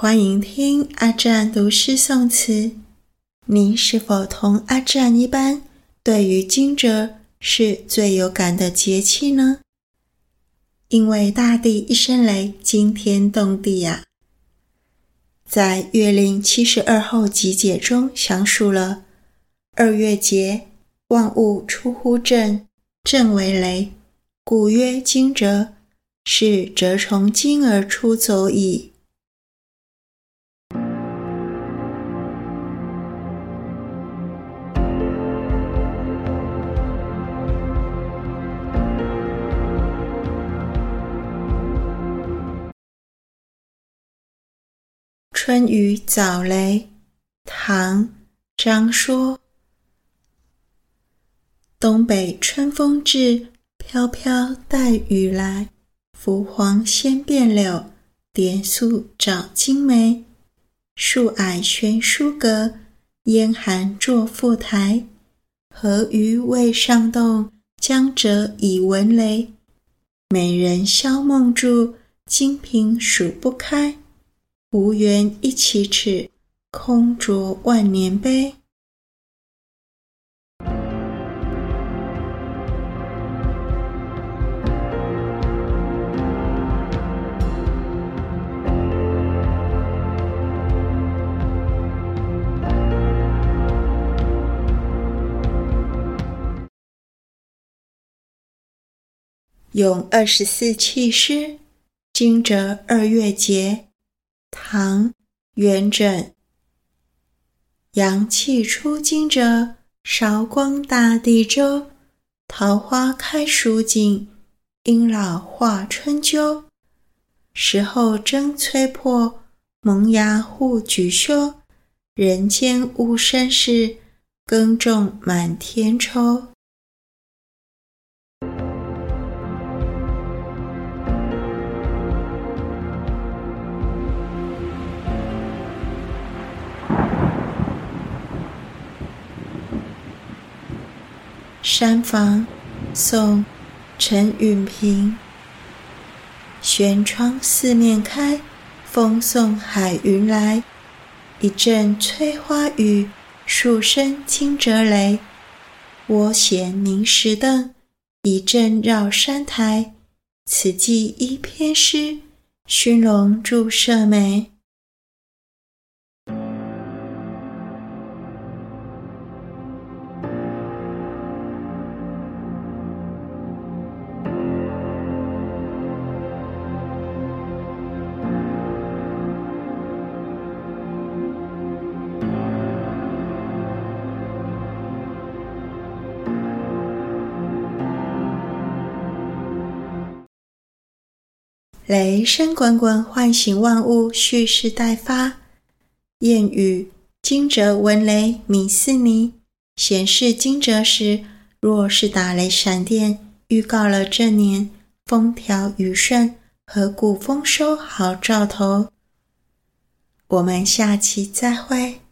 歡迎聽阿占讀詩宋詞。您是否同阿占一般，對於驚蟄是最有感的節氣呢？因為大地一聲雷，驚天動地呀、啊。在《月令七十二候集解》中詳述了二月節，萬物出乎震，震為雷，故曰驚蟄，是蟄蟲驚而出走矣。春雨早雷，唐·張說。東北春風至，飄飄帶雨來。拂黃先變柳，點素早驚梅。樹藹懸書閣，煙含作賦台。河魚未上凍，江蟄已聞雷。美人宵夢著，金屏曙不開。無緣一啟齒，空酌萬年杯。詠二十四氣詩，驚蟄二月節。唐元稹。陽氣初驚蟄，韶光大地周。桃花開蜀錦，鷹老化春鳩。時候爭催迫，萌芽互矩修。人間務生事，耕種滿田疇。山房，宋，陳允平。軒窗四面開，風送海雲來。一陣催花雨，數聲驚蟄雷。蝸涎明石凳，蟻陣繞山台。此際衣偏濕，熏籠著麝煤。雷聲滾滾，喚醒萬物，蓄勢待發。諺語：驚蟄聞雷米似泥。顯示驚蟄時，若是打雷閃電，預告了這年風調雨順、河谷豐收好兆頭。我們下期再會。